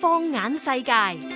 放眼世界。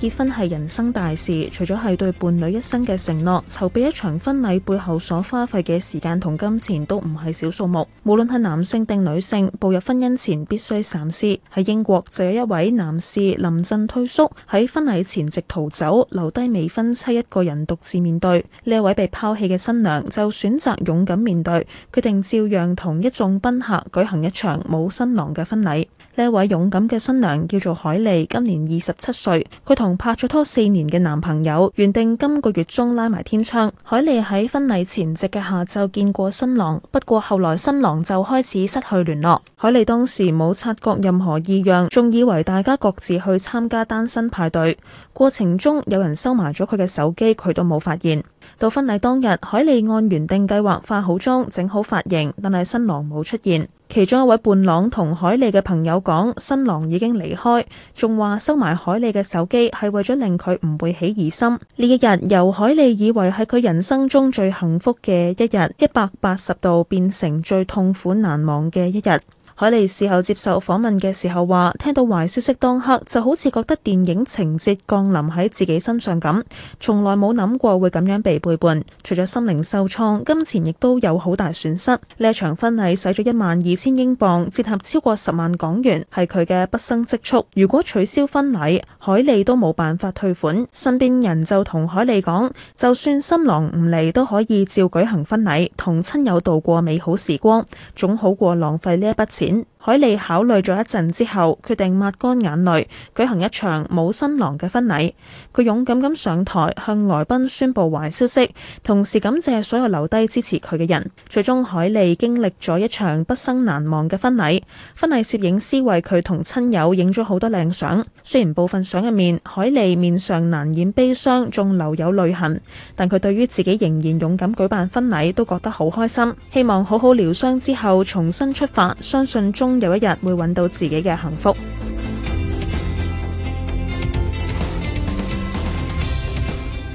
結婚係人生大事，除咗係對伴侶一生嘅承諾，籌備一場婚禮背後所花費嘅時間同金錢都唔係小數目。無論係男性定女性，步入婚姻前必須三思。喺英國，就有一位男士臨陣退縮，喺婚禮前夕逃走，留低未婚妻一個人獨自面對。呢位被拋棄嘅新娘就選擇勇敢面對，決定照樣同一眾賓客舉行一場冇新郎嘅婚禮。呢位勇敢嘅新娘叫做海莉，今年二十七歲。佢同拍咗拖四年嘅男朋友原定今個月中拉埋天窗。海莉喺婚禮前夕嘅下晝見過新郎，不過後來新郎就開始失去聯絡。海莉當時冇察覺任何異樣，仲以為大家各自去參加單身派對。過程中有人收埋咗佢嘅手機，佢都冇發現。到婚禮當日，海莉按原定計劃化好妝、整好髮型，但係新郎冇出現。其中一位伴郎同海利嘅朋友講：新郎已經離開，仲話收埋海利嘅手機係為咗令佢唔會起疑心。呢一日由海利以為係佢人生中最幸福嘅一日，一百八十度變成最痛苦難忘嘅一日。海莉事後接受訪問嘅時候話：聽到壞消息當刻就好似覺得電影情節降臨喺自己身上咁，從來冇諗過會咁樣被背叛。除咗心靈受創，金錢亦都有好大損失。呢一場婚禮使咗一萬二千英鎊，折合超過十萬港元，係佢嘅畢生積蓄。如果取消婚禮，海莉都冇辦法退款。身邊人就同海莉講：就算新郎唔嚟都可以照舉行婚禮，同親友度過美好時光，總好過浪費呢一筆錢。海莉考慮咗一陣之後，決定抹乾眼淚，舉行一場冇新郎嘅婚禮。佢勇敢咁上台向來賓宣佈壞消息，同時感謝所有留低支持佢嘅人。最終，海莉經歷咗一場畢生難忘嘅婚禮。婚禮攝影師為佢同親友影咗好多靚相。雖然部分相入面，海莉面上難掩悲傷，仲留有淚痕，但佢對於自己仍然勇敢舉辦婚禮都覺得好開心。希望好好療傷之後，重新出發，相信，終有一日會搵到自己嘅幸福。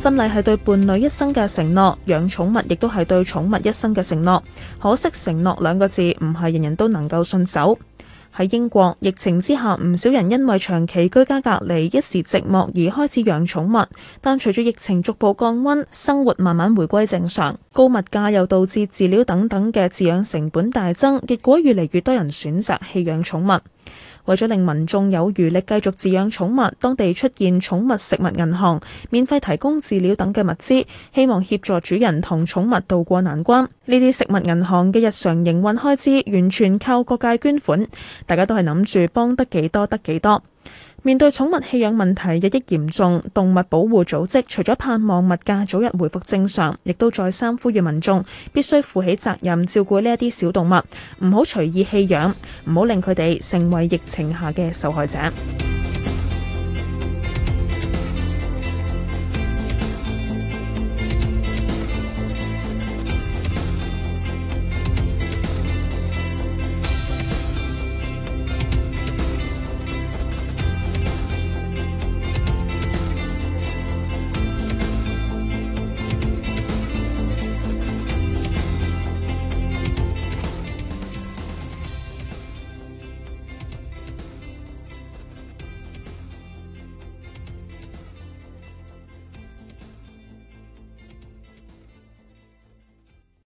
婚禮係對伴侶一生嘅承諾，養寵物亦都係對寵物一生嘅承諾。可惜承諾兩個字唔係人人都能夠信守。喺英國疫情之下，唔少人因為長期居家隔離，一時寂寞而開始養寵物。但隨住疫情逐步降温，生活慢慢回歸正常。高物價又導致飼料等等嘅飼養成本大增，結果越嚟越多人選擇棄養寵物。為咗令民眾有餘力繼續飼養寵物，當地出現寵物食物銀行，免費提供飼料等嘅物資，希望協助主人同寵物渡過難關。呢啲食物銀行嘅日常營運開支完全靠各界捐款，大家都係諗住幫得幾多得幾多。面對寵物棄養問題日益嚴重，動物保護組織除咗盼望物價早日回復正常，亦都再三呼籲民眾必須負起責任，照顧呢一啲小動物，唔好隨意棄養，唔好令佢哋成為疫情下嘅受害者。